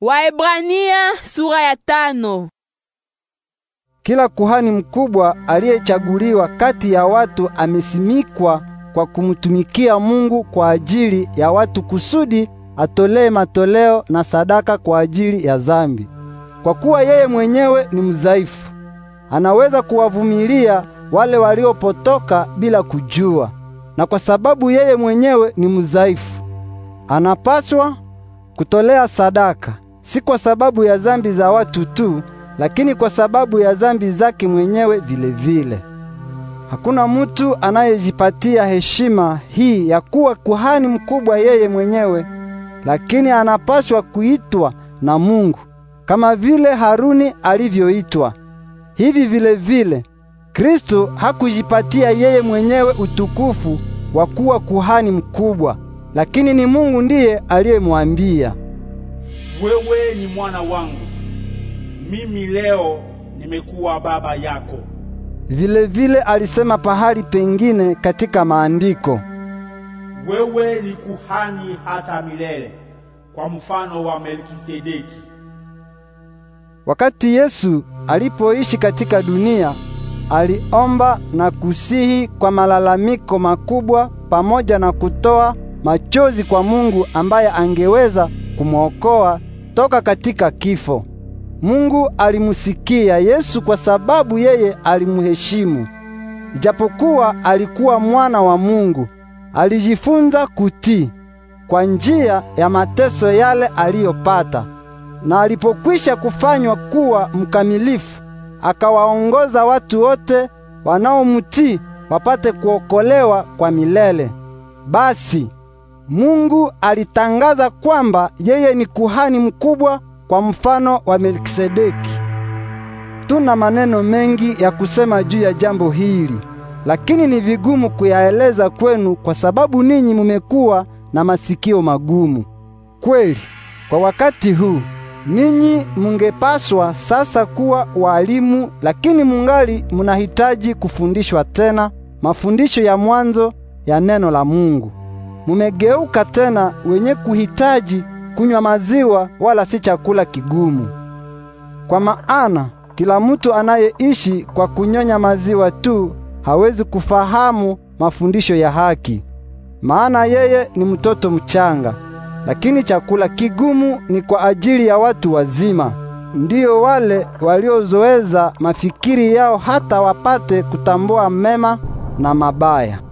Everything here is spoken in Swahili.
Waebrania sura ya tano. Kila kuhani mkubwa aliyechaguliwa kati ya watu amesimikwa kwa kumtumikia Mungu kwa ajili ya watu kusudi atolee matoleo na sadaka kwa ajili ya zambi. Kwa kuwa yeye mwenyewe ni mzaifu, anaweza kuwavumilia wale waliopotoka bila kujua. Na kwa sababu yeye mwenyewe ni mzaifu, anapaswa kutolea sadaka si kwa sababu ya zambi za watu tu, lakini kwa sababu ya zambi zake mwenyewe vilevile vile. Hakuna mutu anayejipatia heshima hii ya kuwa kuhani mkubwa yeye mwenyewe, lakini anapaswa kuitwa na Mungu kama vile Haruni alivyoitwa. Hivi vile vile Kristo hakujipatia yeye mwenyewe utukufu wa kuwa kuhani mkubwa, lakini ni Mungu ndiye aliyemwambia wewe ni mwana wangu, mimi leo nimekuwa baba yako. Vilevile vile alisema pahali pengine katika maandiko, wewe ni kuhani hata milele, kwa mfano wa Melkisedeki. Wakati Yesu alipoishi katika dunia, aliomba na kusihi kwa malalamiko makubwa pamoja na kutoa machozi kwa Mungu ambaye angeweza kumwokoa kutoka katika kifo. Mungu alimusikia Yesu kwa sababu yeye alimheshimu japokuwa alikuwa mwana wa Mungu, alijifunza kutii kwa njia ya mateso yale aliyopata. Na alipokwisha kufanywa kuwa mkamilifu, akawaongoza watu wote wanaomtii wapate kuokolewa kwa milele. Basi Mungu alitangaza kwamba yeye ni kuhani mkubwa kwa mfano wa Melkisedeki. Tuna maneno mengi ya kusema juu ya jambo hili, lakini ni vigumu kuyaeleza kwenu kwa sababu ninyi mumekuwa na masikio magumu. Kweli, kwa wakati huu ninyi mungepaswa sasa kuwa walimu, lakini mungali munahitaji kufundishwa tena mafundisho ya mwanzo ya neno la Mungu mumegeuka tena wenye kuhitaji kunywa maziwa wala si chakula kigumu. Kwa maana kila mtu anayeishi kwa kunyonya maziwa tu hawezi kufahamu mafundisho ya haki, maana yeye ni mtoto mchanga. Lakini chakula kigumu ni kwa ajili ya watu wazima, ndiyo wale waliozoeza mafikiri yao hata wapate kutambua mema na mabaya.